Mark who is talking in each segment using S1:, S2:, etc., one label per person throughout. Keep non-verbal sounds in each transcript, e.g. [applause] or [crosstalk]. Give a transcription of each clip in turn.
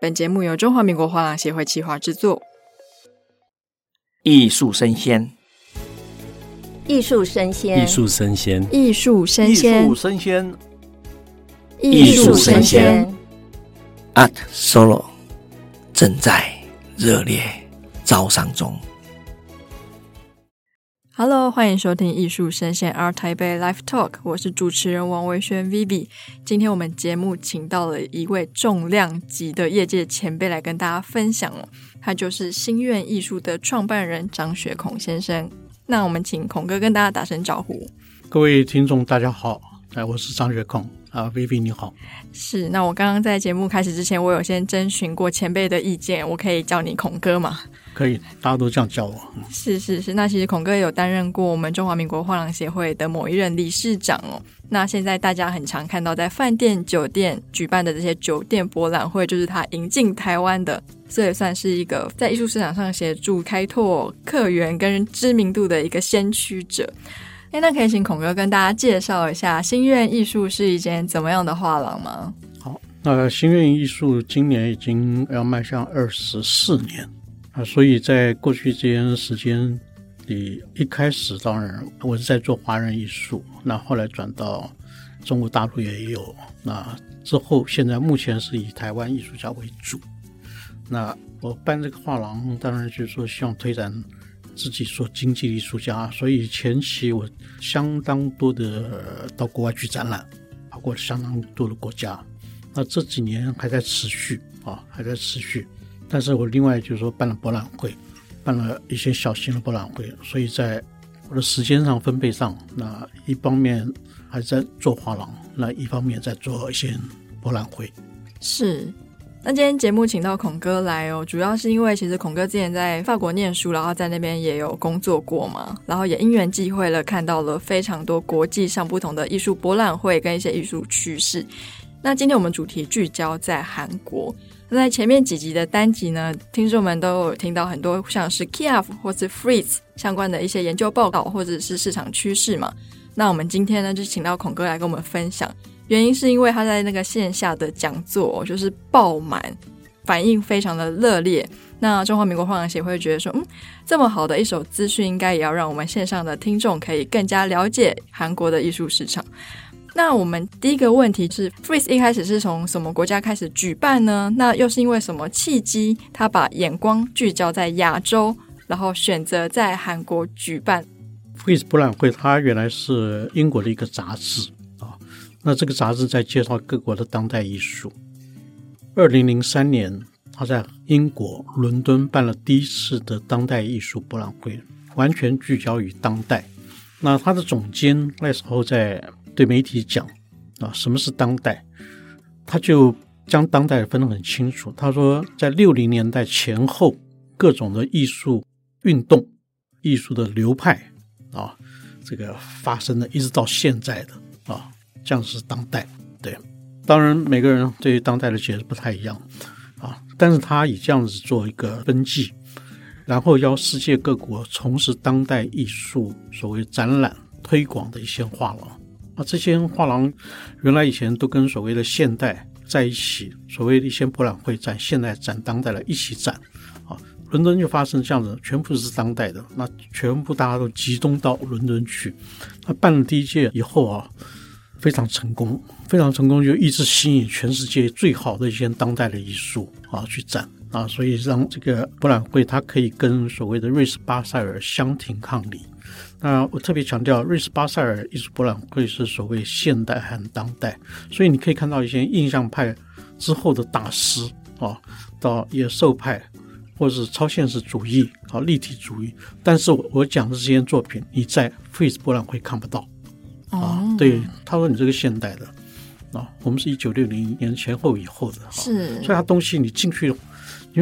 S1: 本節目由中華民國畫廊協會企劃製作，
S2: 《藝術聲鮮》
S1: 《藝術聲鮮》《藝術聲鮮》《藝術聲鮮》《藝術聲鮮》《藝術聲鮮》Art Solo 正在熱烈招商中。Hello，歡迎收聽藝術聲鮮 ART TAIPEI Live Talk，我是主持人王維軒 Vivi。今天我們節目請到了一位重量級的業界前輩來跟大家分享，他就是新苑藝術的創辦人張學孔先生。那我們請孔哥跟大家打聲招呼。
S2: 各位聽眾，大家好，我是張學孔。啊 Vivi 你好，
S1: 是，那我剛剛在節目開始之前，我有先徵詢過前輩的意見，我可以叫你孔哥嗎？
S2: 可以，大家都這樣叫我。
S1: 是是是，那其實孔哥也有擔任過我們中華民國畫廊協會的某一任理事長哦。那現在大家很常看到在飯店、酒店舉辦的這些酒店博覽會，就是他引進台灣的，這也算是一個在藝術市場上協助開拓客源跟知名度的一個先驅者。誒那可以請孔哥跟大家介紹一下新苑藝術是一間怎麼樣的畫廊嗎？
S2: 好，那個新苑藝術今年已經要邁向二十四年啊，所以在過去這段時間裡，一開始當然我是在做華人藝術，那後來轉到中國大陸也有，那之後現在目前是以台灣藝術家為主。那我辦這個畫廊，當然就是說希望推展。自己做經濟藝術家，所以前期我相當多的到國外去展覽，跑過相當多的國家。那這幾年還在持續啊，還在持續。但是我另外就是說辦了博覽會，辦了一些小型的博覽會。所以在我的時間上分配上，那一方面還在做畫廊，那一方面在做一些博覽會。是。
S1: 那今天節目請到孔哥來哦，主要是因為其實孔哥之前在法國念書，然後在那邊也有工作過嘛，然後也因緣際會了看到了非常多國際上不同的藝術博覽會跟一些藝術趨勢。那今天我們主題聚焦在韓國。那在前面幾集的單集呢，聽眾們都有聽到很多像是 Kiaf 或是 Frieze 相關的一些研究報告或者是市場趨勢嘛。那我們今天呢，就請到孔哥來跟我們分享。原因是因為他在那個線下的講座就是爆滿，反應非常的熱烈。那中華民國畫廊協會覺得說，嗯，這麼好的一手資訊，應該也要讓我們線上的聽眾可以更加了解韓國的藝術市場。那我們第一個問題是 [music] ，Frieze 一開始是從什麼國家開始舉辦呢？那又是因為什麼契機，他把眼光聚焦在亞洲，然後選擇在韓國舉辦
S2: Frieze 博覽會？它原來是英國的一個雜誌。那這個雜誌在介紹各國的當代藝術。二零零三年，他在英國倫敦辦了第一次的當代藝術博覽會，完全聚焦於當代。那他的總監那時候在對媒體講啊，什麼是當代？他就將當代分得很清楚。他說，在六零年代前後，各種的藝術運動、藝術的流派啊，這個發生的，一直到現在的啊。這樣子是當代，對，當然每個人對於當代的解釋不太一樣啊。但是他以這樣子做一個登記，然後邀世界各國從事當代藝術所謂展覽推廣的一些畫廊啊，這些畫廊原來以前都跟所謂的現代在一起，所謂的一些博覽會展現代展當代的一起展啊。倫敦就發生這樣子，全部是當代的，那全部大家都集中到倫敦去。那辦了第一屆以後啊。非常成功，非常成功，就一直吸引全世界最好的一些當代的藝術啊去展啊，所以讓這個博覽會它可以跟所謂的瑞士巴塞爾分庭抗禮。那我特別強調，瑞士巴塞爾藝術博覽會是所謂現代和當代，所以你可以看到一些印象派之後的大師啊，到野獸派，或者是超現實主義啊、立體主義。但是我我講的這些作品，你在 Frieze 博覽會看不到。啊，oh. 對，他說你這個現代的，啊，我們是一九六零年前後以後的，哈，是，oh. 所以它東西你進去，因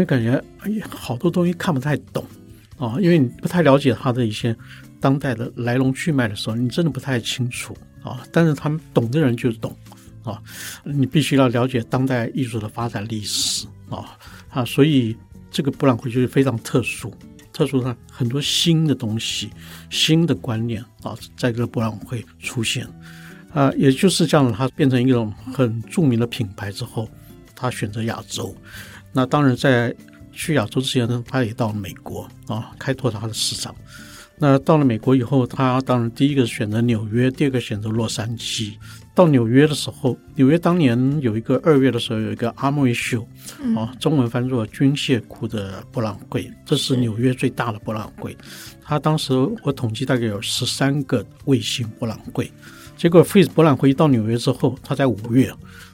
S2: 為感覺哎，好多東西看不太懂，啊，因為你不太了解他的一些當代的來龍去脈的時候，你真的不太清楚，啊，但是他們懂的人就懂，啊，你必須要了解當代藝術的發展歷史，啊，啊，所以這個博覽會就是非常特殊。特殊上很多新的東西、新的觀念啊，在這個博覽會出現，啊、呃，也就是這樣，它變成一種很著名的品牌之後，它選擇亞洲。那當然在去亞洲之前呢，它也到了美國啊，開拓了它的市場。那到了美國以後，它當然第一個選擇紐約，第二個選擇洛杉磯。到紐約的時候，紐約當年有一個二月的時候有一個 Armory Show，、嗯、啊，中文翻作軍械庫的博覽會，這是紐約最大的博覽會。他是當時我統計大概有十三個衛星博覽會。結果 Frieze 博覽會一到紐約之後，他在五月，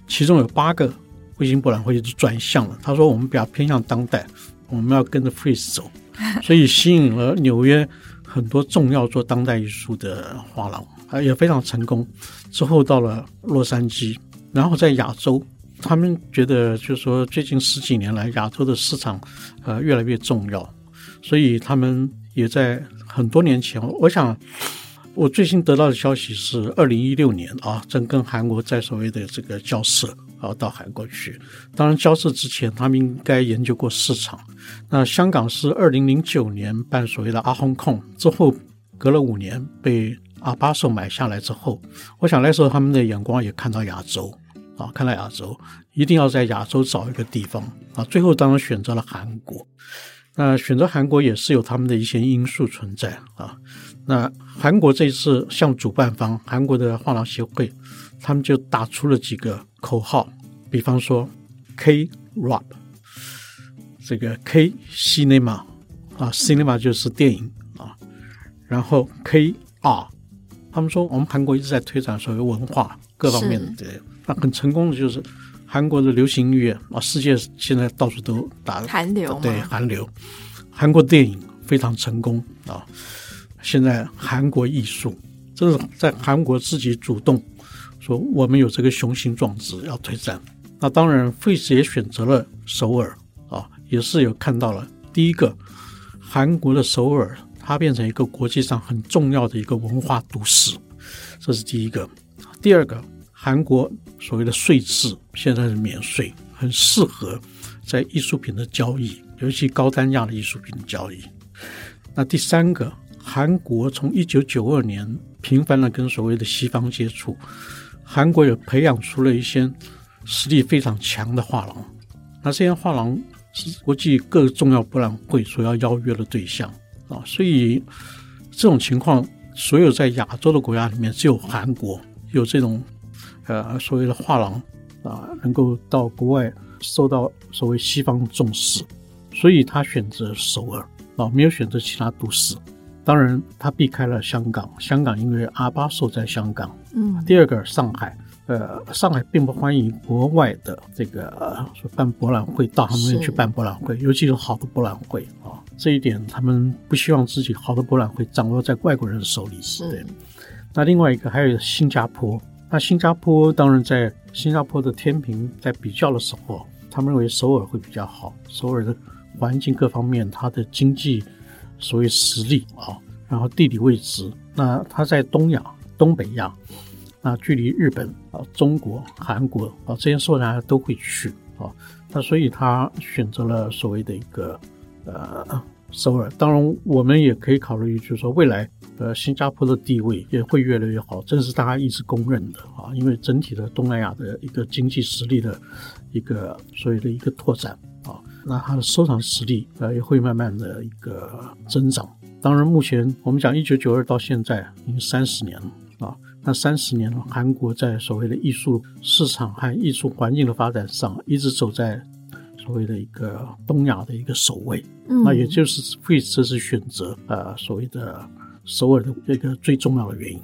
S2: 其中有八個衛星博覽會就轉向了。他說我們比較偏向當代，我們要跟着 Frieze 走，所以吸引了紐約很多重要做當代藝術的畫廊。 [laughs] 啊，也非常成功。之後到了洛杉磯，然後在亞洲，他們覺得就是說，最近十幾年來，亞洲的市場呃越來越重要，所以他們也在很多年前，我想我最新得到的消息是，二零一六年啊，正跟韓國在所謂的這個交涉啊，到韓國去。當然，交涉之前，他們應該研究過市場。那香港是二零零九年辦所謂的 Art Hong Kong，之後隔了五年被。啊，把手買下來之後，我想那時候他們的眼光也看到亞洲，啊，看到亞洲，一定要在亞洲找一個地方，啊，最後當然選擇了韓國。那選擇韓國也是有他們的一些因素存在啊。那韓國這一次向主辦方韓國的畫廊協會，他們就打出了幾個口號，比方說 K-Rop 這個 K-Cinema 啊，Cinema 就是電影啊，然後 K-R。R, 他們說，我們韓國一直在推展，所謂文化各方面的這些，那很成功的就是韓國的流行音樂啊，世界現在到處都打
S1: 韓流，流，對韓
S2: 流，韓國電影非常成功啊。現在韓國藝術，這是在韓國自己主動說我們有這個雄心壯志要推展。那當然 Frieze 也選擇了首爾啊，也是有看到了第一個韓國的首爾。它變成一個國際上很重要的一個文化都市，這是第一個。第二個，韓國所謂的稅制現在是免稅，很適合在藝術品的交易，尤其高單價的藝術品交易。那第三個，韓國從一九九二年頻繁的跟所謂的西方接觸，韓國也培養出了一些實力非常強的畫廊，那這些畫廊是國際各個重要博覽會所要邀約的對象。啊、哦，所以這種情況，所有在亞洲的國家裡面，只有韓國有這種呃所謂的畫廊啊、呃，能夠到國外受到所謂西方重視，所以他選擇首爾啊、哦，沒有選擇其他都市。當然，他避開了香港，香港因為阿巴斯在香港。嗯。第二個，上海，呃，上海並不歡迎國外的這個、呃、辦博覽會到他們那邊去辦博覽會，是尤其是好的博覽會啊。哦這一點，他們不希望自己好的博覽會掌握在外國人手裡，對。嗯、那另外一個還有新加坡，那新加坡當然在新加坡的天平在比較的時候，他們認為首爾會比較好。首爾的環境各方面，它的經濟所謂實力啊，然後地理位置，那它在東亞、東北亞，那距離日本啊、中國、韓國啊這些時候大家都會去啊。那所以他選擇了所謂的一個。呃，首爾，當然我們也可以考慮，就是說未來，呃，新加坡的地位也會越來越好，這是大家一直公認的啊。因為整體的東南亞的一個經濟實力的一個所謂的一個拓展啊，那它的收藏實力呃、啊、也會慢慢的一個增長。當然，目前我們講一九九二到現在已經三十年了啊，那三十年了，韓國在所謂的藝術市場和藝術環境的發展上一直走在所謂的一個東亞的一個首位，嗯、那也就是會這是選擇呃所謂的首爾的一個最重要的原因。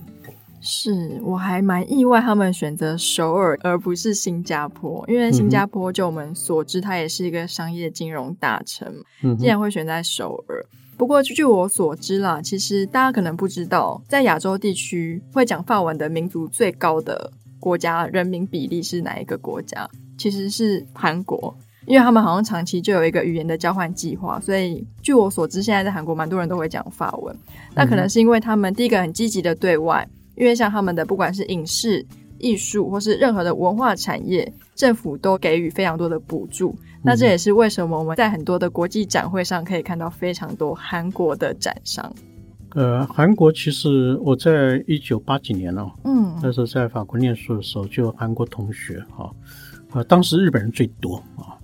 S1: 是我還蠻意外，他們選擇首爾而不是新加坡，因為新加坡就我們所知，它也是一個商業金融大城，嗯、哼竟然會選在首爾。不過據我所知啦，其實大家可能不知道，在亞洲地區會講法文的民族最高的國家人民比例是哪一個國家？其實是韓國。因為他們好像長期就有一個語言的交換計劃，所以據我所知，現在在韓國蠻多人都會講法文。嗯、那可能是因為他們第一個很積極的對外，因為像他們的不管是影視、藝術或是任何的文化產業，政府都給予非常多的補助。嗯、那這也是為什麼我們在很多的國際展會上可以看到非常多韓國的展商。
S2: 呃，韓國其實我在一九八幾年哦，嗯，那時候在法國念書的時候就有韓國同學啊、哦，呃，當時日本人最多啊。哦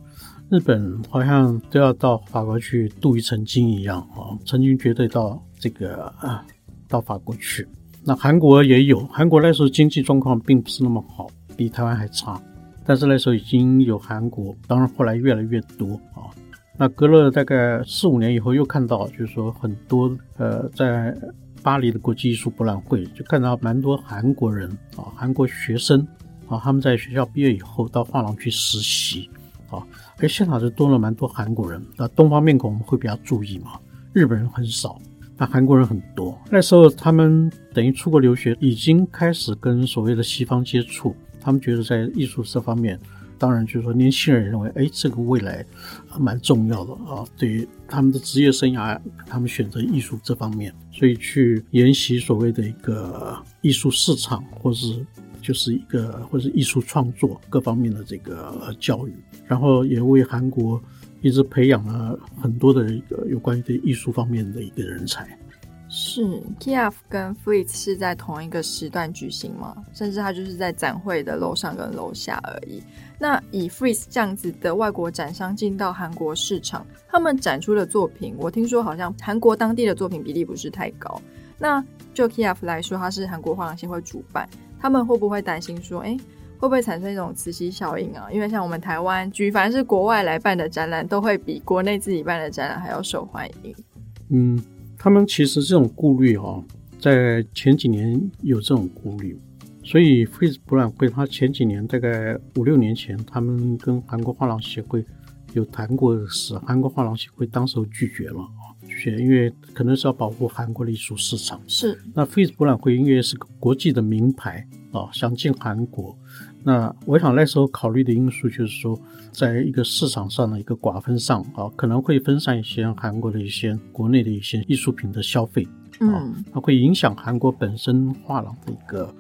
S2: 日本好像都要到法國去鍍一層金一樣啊，曾經絕對到這個啊，到法國去。那韓國也有，韓國那時候經濟狀況並不是那麼好，比台灣還差，但是那時候已經有韓國。當然後來越來越多啊。那隔了大概四五年以後，又看到就是說很多呃，在巴黎的國際藝術博覽會，就看到蠻多韓國人啊，韓國學生啊，他們在學校畢業以後到畫廊去實習啊。哎，現場就多了蠻多韓國人，那東方面孔我們會比較注意嘛。日本人很少，那韓國人很多。那時候他們等於出國留學，已經開始跟所謂的西方接觸。他們覺得在藝術這方面，當然就是說年輕人認為，哎，這個未來蠻重要的啊。對於他們的職業生涯，他們選擇藝術這方面，所以去研習所謂的一個藝術市場，或是就是一個，或是藝術創作各方面的這個教育。然後也為韓國一直培養了很多的一個有關於對藝術方面的一個人才。
S1: 是 KIAF 跟 Frieze 是在同一個時段舉行嗎？甚至它就是在展會的樓上跟樓下而已。那以 Frieze 這樣子的外國展商進到韓國市場，他們展出的作品，我聽說好像韓國當地的作品比例不是太高。那就 KIAF 來說，它是韓國畫廊協會主辦，他們會不會擔心說，哎？會不會產生一種磁吸效應啊？因為像我們台灣舉凡是國外來辦的展覽，都會比國內自己辦的展覽還要受歡迎。嗯，
S2: 他們其實這種顧慮啊，在前幾年有這種顧慮，所以 f a Frieze 博覽會它前幾年大概五六年前，他們跟韓國畫廊協會有談過的事，韓國畫廊協會當時拒絕了啊，選，因為可能是要保護韓國的藝術市場。是。那 Frieze 博覽會應該是個國際的名牌。啊，想進韓國，那我想那時候考慮的因素就是說，在一個市場上的一個瓜分上啊，可能會分散一些韓國的一些國內的一些藝術品的消費啊，嗯、它會影響韓國本身畫廊的一個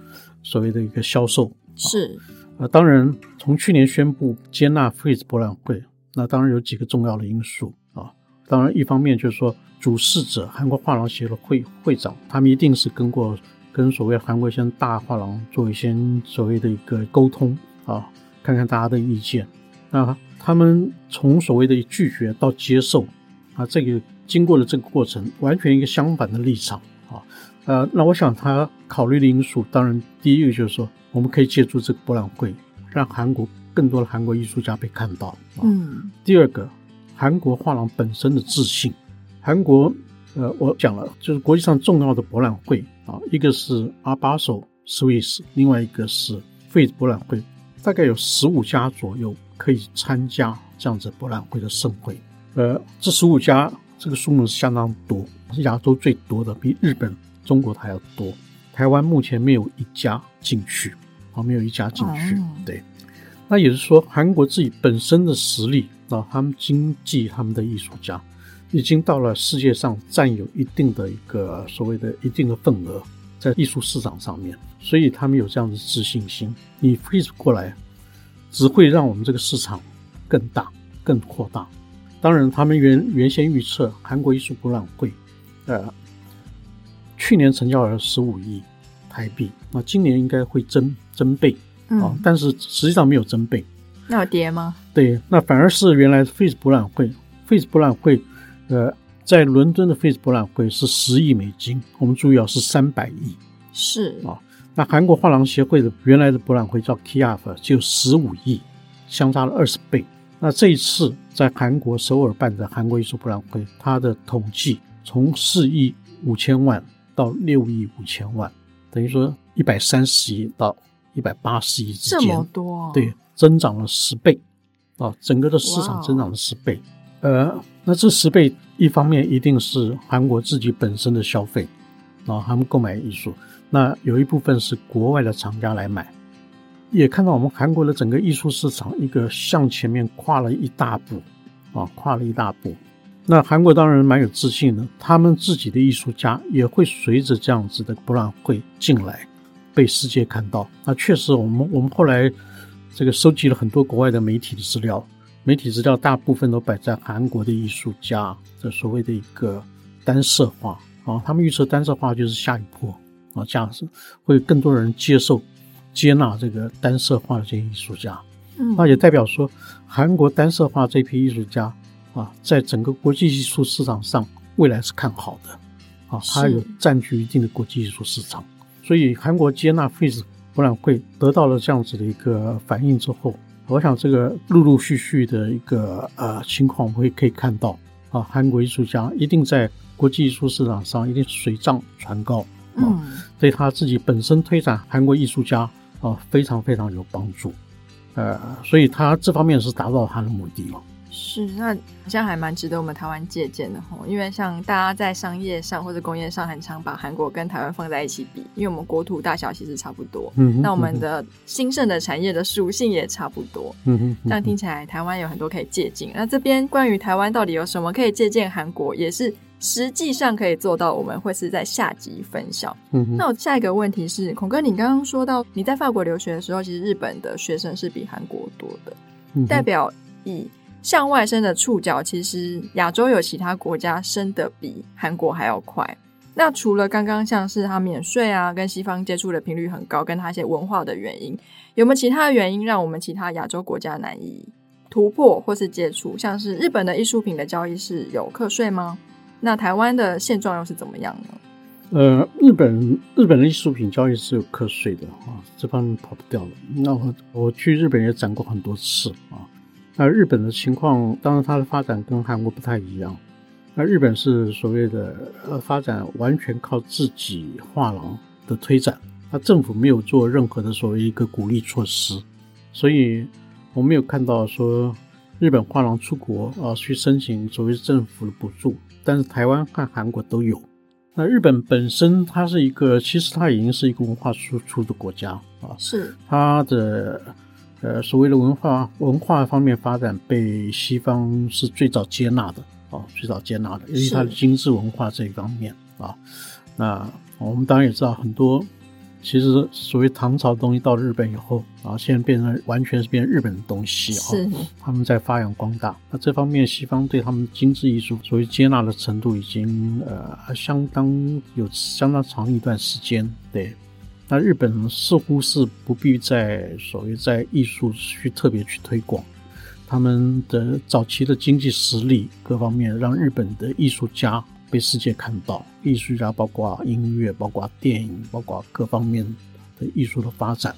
S2: 所謂的一個銷售。是，啊，當然從去年宣布接納 Frieze 博覽會，那當然有幾個重要的因素啊，當然一方面就是說主事者韓國畫廊協會會長，他們一定是跟過。跟所謂韓國一些大畫廊做一些所謂的一個溝通啊，看看大家的意見。那，啊，他們從所謂的拒絕到接受啊，這個經過了這個過程，完全一個相反的立場啊。呃，那我想他考慮的因素，當然第一個就是說，我們可以借助這個博覽會，讓韓國更多的韓國藝術家被看到啊。嗯。第二個，韓國畫廊本身的自信。韓國，呃，我講了，就是國際上重要的博覽會。啊，一個是阿巴首 s s 另外一個是費子博覽會，大概有十五家左右可以參加這樣子博覽會的盛會。呃，這十五家這個數目是相當多，是亞洲最多的，比日本、中國的還要多。台灣目前沒有一家進去，啊，沒有一家進去。嗯、對，那也就是說韓國自己本身的實力啊，他們經濟，他們的藝術家。已經到了世界上占有一定的一個所謂的一定的份額，在藝術市場上面，所以他們有這樣的自信心。你 Frieze 過來，只會讓我們這個市場更大、更擴大。當然，他們原原先預測韓國藝術博覽會，呃，去年成交了十五億台幣，那今年應該會增增倍，啊，但是實際上沒有增倍，
S1: 那有跌嗎？
S2: 對，那反而是原來 Frieze 博覽會，Frieze 博覽會。呃，在倫敦的 Frieze 博覽會是十億美金，我們注意啊，是三百億，是啊。那韓國畫廊協會的原來的博覽會叫 KIAF 就十五億，相差了二十倍。那這一次在韓國首爾辦的韓國藝術博覽會，它的統計從四億五千萬到六億五千萬，等於說一百三十億到一百八十億之間，這麼多，對，增長了十倍，啊，整個的市場增長了十倍。Wow 呃，那這十倍一方面一定是韓國自己本身的消費啊，然後他們購買藝術，那有一部分是國外的廠家來買，也看到我們韓國的整個藝術市場一個向前面跨了一大步啊，跨了一大步。那韓國當然蠻有自信的，他們自己的藝術家也會隨着這樣子的博覽會進來被世界看到。那確實，我們我們後來這個收集了很多國外的媒體的資料。媒體資料大部分都擺在韓國的藝術家，這所謂的一個單色畫啊，他們預測單色畫就是下一波啊，這樣子會更多人接受，接納這個單色畫的這些藝術家，嗯，那也代表說韓國單色畫這批藝術家啊，在整個國際藝術市場上未來是看好的啊，它是有佔據一定的國際藝術市場，所以韓國接納 Frieze 博覽會得到了這樣子的一個反應之後。我想這個陸陸續續的一個呃情況，會可以看到啊，韓國藝術家一定在國際藝術市場上一定水漲船高啊，嗯、對他自己本身推展韓國藝術家啊非常非常有幫助，呃，所以他這方面是達到他的目的了。
S1: 是，那好像還蠻值得我們台灣借鑑的吼，因為像大家在商業上或者工業上，很常把韓國跟台灣放在一起比，因為我們國土大小其實差不多，嗯，那我們的興盛的產業的屬性也差不多，嗯嗯，
S2: 這樣
S1: 聽起來台灣有很多可以借鑑。那這邊關於台灣到底有什麼可以借鑑韓國，也是實際上可以做到，我們會是在下集分享。嗯，那我下一個問題是，孔哥，你剛剛說到你在法國留學的時候，其實日本的學生是比韓國多的，嗯，代表以向外伸的觸角，其實亞洲有其他國家伸得比韓國還要快。那除了剛剛像是它免稅啊、跟西方接觸的頻率很高、跟它一些文化的原因，有沒有其他的原因讓我們其他亞洲國家難以突破或是接觸？像是日本的藝術品的交易是有課稅嗎？那台灣的現狀又是怎麼樣呢？呃，
S2: 日本日本的藝術品交易是有課稅的啊，這方面跑不掉了。那我我去日本也展過很多次啊。而日本的情況，當然它的發展跟韓國不太一樣。那日本是所謂的呃發展完全靠自己畫廊的推展，那政府沒有做任何的所謂一個鼓勵措施，所以我沒有看到說日本畫廊出國啊、呃、去申請所謂政府的補助，但是台灣和韓國都有。那日本本身它是一個，其實它已經是一個文化輸出的國家啊，是它的。呃，所謂的文化文化方面發展被西方是最早接納的啊，哦，最早接納的，尤其它的精致文化這一方面是啊。那我們當然也知道，很多其實所謂唐朝的東西到了日本以後，啊，現在變成完全是變成日本的東西啊。他是、哦、們在發揚光大。那這方面，西方對他們精致藝術所謂接納的程度，已經呃相當有相當長一段時間，對。那日本似乎是不必在所謂在藝術去特別去推廣，他們的早期的經濟實力各方面讓日本的藝術家被世界看到，藝術家包括音樂、包括電影、包括各方面的藝術的發展。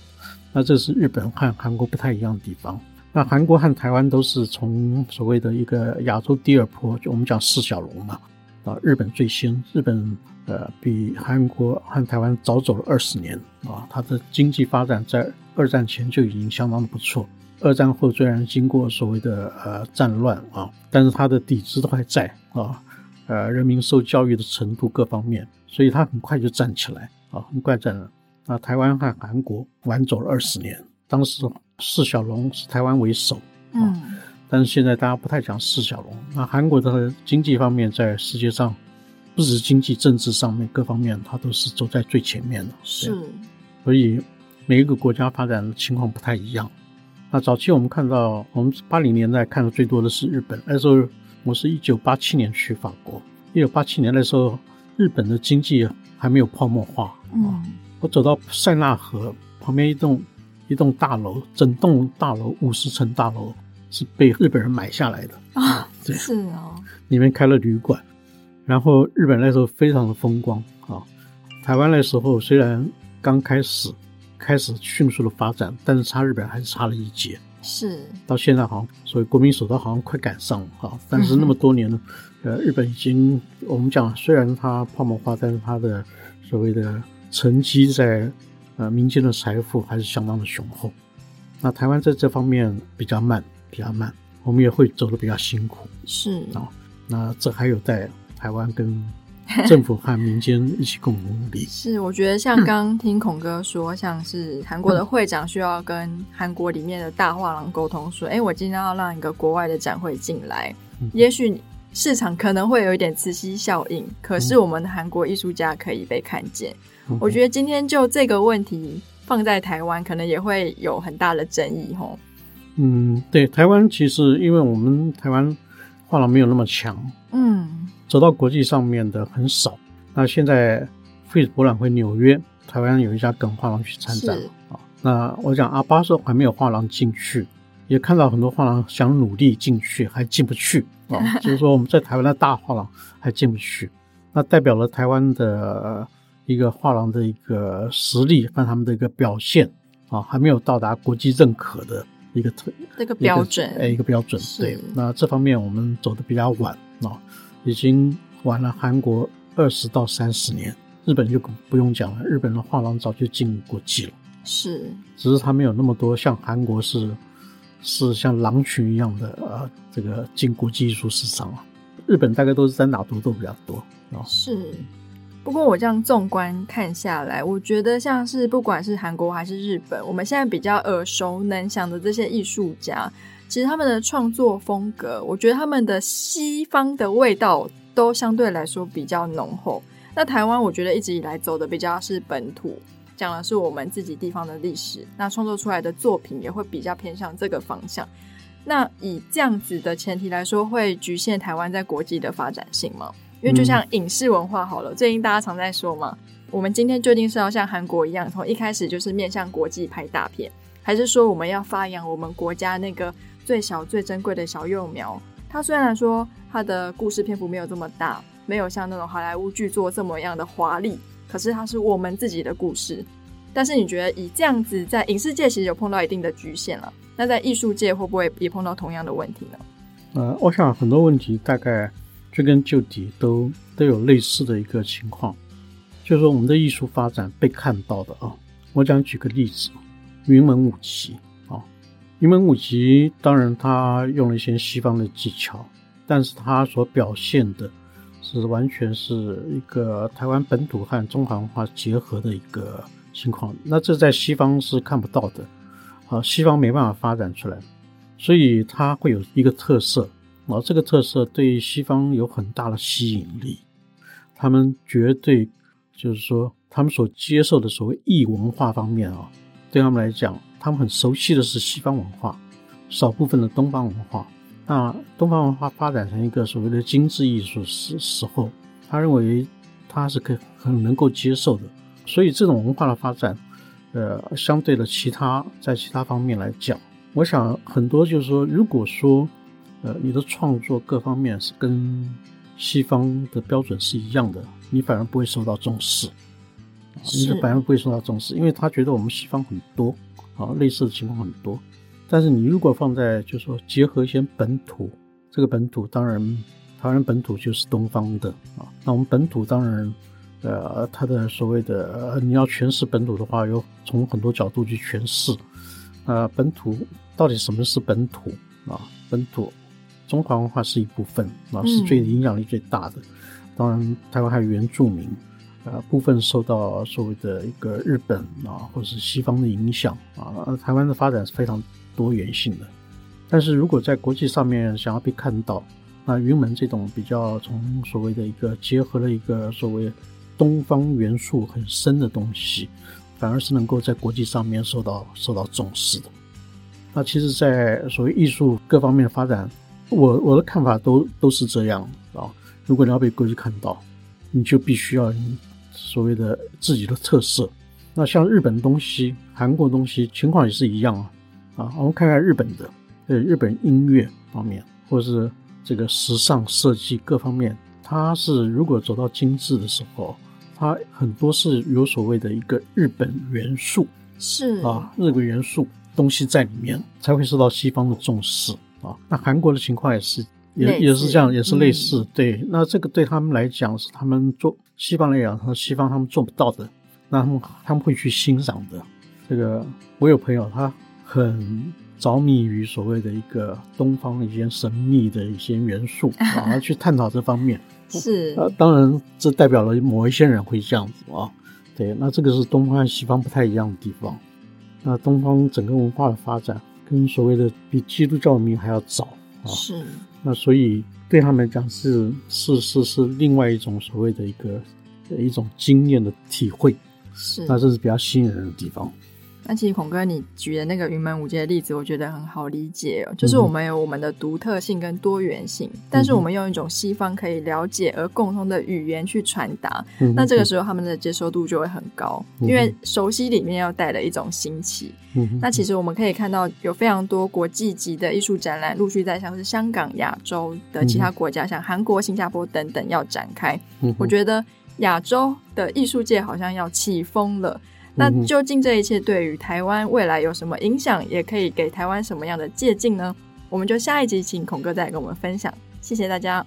S2: 那這是日本和韓國不太一樣的地方。那韓國和台灣都是從所謂的一個亞洲第二波，就我們講四小龍嘛。啊，日本最先，日本。呃，比韓國和台灣早走了二十年啊！它的經濟發展在二戰前就已經相當的不錯。二戰後雖然經過所謂的呃戰亂啊，但是它的底子都還在啊，呃，人民受教育的程度各方面，所以它很快就站起來啊，很快站了。那台灣和韓國晚走了二十年，當時四小龍是台灣為首，啊，嗯。但是現在大家不太講四小龍。那韓國的經濟方面在世界上。不只是經濟、政治上面各方面，它都是走在最前面的。是，所以每一個國家發展的情況不太一樣。那早期我們看到，我們八零年代看的最多的是日本。那時候我是一九八七年去法國，一九八七年的時候，日本的經濟還沒有泡沫化。嗯，我走到塞納河旁邊一棟一棟大樓，整棟大樓五十層大樓是被日本人買下來的啊！哦、對，是哦，裡面開了旅館。然後日本那時候非常的風光啊，台灣那時候雖然剛開始開始迅速的發展，但是差日本還是差了一截。是，到現在好像所以國民所得好像快趕上了啊，但是那麼多年呢？嗯、哼呃，日本已經我們講雖然它泡沫化，但是它的所謂的沉積在呃民間的財富還是相當的雄厚。那台灣在這方面比較慢，比較慢，我們也會走得比較辛苦。是啊，那這還有待。台灣跟政府和民間一起共同努力。 [laughs]
S1: 是，我覺得像剛聽孔哥說，像是韓國的會長需要跟韓國裡面的大畫廊溝通，說：“哎、欸，我今天要讓一個國外的展會進來。”嗯、也許市場可能會有一點磁吸效應，可是我們的韓國藝術家可以被看見。嗯，我覺得今天就這個問題放在台灣，可能也會有很大的爭議。吼，嗯，
S2: 對，台灣其實因為我們台灣畫廊沒有那麼強，嗯。走到國際上面的很少。那現在 Frieze 博覽會紐約，台灣有一家耿畫廊去參展了啊。那我講 Art Basel 還沒有畫廊進去，也看到很多畫廊想努力進去，還進不去啊、哦。就是說我們在台灣的大畫廊還進不去， [laughs] 那代表了台灣的一個畫廊的一個實力和他們的一個表現啊、哦，還沒有到達國際認可的一個特那個標準個哎，一個標準是對。那這方面我們走得比較晚啊。哦已經晚了韓國二十到三十年，日本就不用講了。日本的畫廊早就進國際了，是，只是他沒有那麼多像韓國是，是像狼群一樣的啊、呃，這個進國際藝術市場。日本大概都是單打獨鬥，都比較多。哦、是，
S1: 不過我這樣縱觀看下來，我覺得像是不管是韓國還是日本，我們現在比較耳熟能詳的這些藝術家。其實他們的創作風格，我覺得他們的西方的味道都相對來說比較濃厚。那台灣，我覺得一直以來走的比較是本土，講的是我們自己地方的歷史，那創作出來的作品也會比較偏向這個方向。那以這樣子的前提來說，會局限台灣在國際的發展性嗎？因為就像影視文化好了，最近大家常在說嘛，我們今天究竟是要像韓國一樣，從一開始就是面向國際拍大片，還是說我們要發揚我們國家那個？最小最珍貴的小幼苗。它雖然說它的故事篇幅沒有這麼大，沒有像那種好萊塢劇作這麼樣的華麗，可是它是我們自己的故事。但是你覺得以這樣子在影視界其實有碰到一定的局限了。那在藝術界會不會也碰到同樣的問題呢？
S2: 呃，我想很多問題大概追根究底都都有類似的一個情況，就是說我們的藝術發展被看到的啊。我想舉個例子，雲門舞集。雲門舞集當然，他用了一些西方的技巧，但是他所表現的是完全是一個台灣本土和中華文化結合的一個情況。那這在西方是看不到的，啊，西方沒辦法發展出來，所以他會有一個特色啊，這個特色對西方有很大的吸引力。他們絕對就是說，他們所接受的所謂異文化方面啊，對他們來講。他們很熟悉的是西方文化，少部分的東方文化。那東方文化發展成一個所謂的精緻藝術時時候，他認為他是可以很能夠接受的。所以這種文化的發展，呃，相對的其他，在其他方面來講，我想很多就是說，如果說，呃，你的創作各方面是跟西方的標準是一樣的，你反而不會受到重視，是你的反而不會受到重視，因為他覺得我們西方很多。啊、哦，類似的情況很多，但是你如果放在，就是說，結合一些本土，這個本土當然，台灣本土就是東方的啊。那我們本土當然，呃，它的所謂的、呃、你要詮釋本土的話，有，從很多角度去詮釋。啊、呃，本土到底什麼是本土啊？本土，中華文化是一部分啊，是最影響力最大的。嗯、當然，台灣還有原住民。呃，部分受到所謂的一個日本啊，或者是西方的影響啊，台灣的發展是非常多元性的。但是如果在國際上面想要被看到，那雲門這種比較從所謂的一個結合了一個所謂東方元素很深的東西，反而是能夠在國際上面受到受到重視的。那其實在所謂藝術各方面的發展，我我的看法都都是這樣啊。如果你要被國際看到，你就必須要。所謂的自己的特色，那像日本東西、韓國東西情況也是一樣啊。啊，我們看看日本的，呃，日本音樂方面，或者是這個時尚設計各方面，它是如果走到精緻的時候，它很多是有所謂的一個日本元素，是啊，日本元素東西在裡面才會受到西方的重視啊。那韓國的情況也是，也似也是這樣，嗯、也是類似。對，那這個對他們來講是他們做。西方來講，他說西方他們做不到的，那他們他們會去欣賞的。這個我有朋友，他很着迷於所謂的一個東方一些神秘的一些元素，然後去探討這方面。 [laughs] 是，啊、呃，當然這代表了某一些人會這樣子啊。對，那這個是東方和西方不太一樣的地方。那東方整個文化的發展，跟所謂的比基督教文明還要早啊。是。那所以。對他們來講是是是是另外一種所謂的一個一種經驗的體會，
S1: 是那這
S2: 是比較吸引人的地方。
S1: 那其實孔哥，你舉的那個雲門舞集的例子，我覺得很好理解哦。就是我們有我們的獨特性跟多元性，嗯、哼但是我們用一種西方可以了解而共通的語言去傳達。嗯、哼那這個時候他們的接受度就會很高，嗯、哼因為熟悉裡面要帶了一種新奇。嗯、哼那其實我們可以看到，有非常多國際級的藝術展覽陸續在像是香港、亞洲的其他國家，嗯、哼像韓國、新加坡等等要展開。嗯、哼我覺得亞洲的藝術界好像要起風了。那究竟，這一切對於台灣未來有什麼影響，也可以給台灣什麼樣的借鏡呢？我們就下一集請孔哥再跟我們分享。謝謝大家。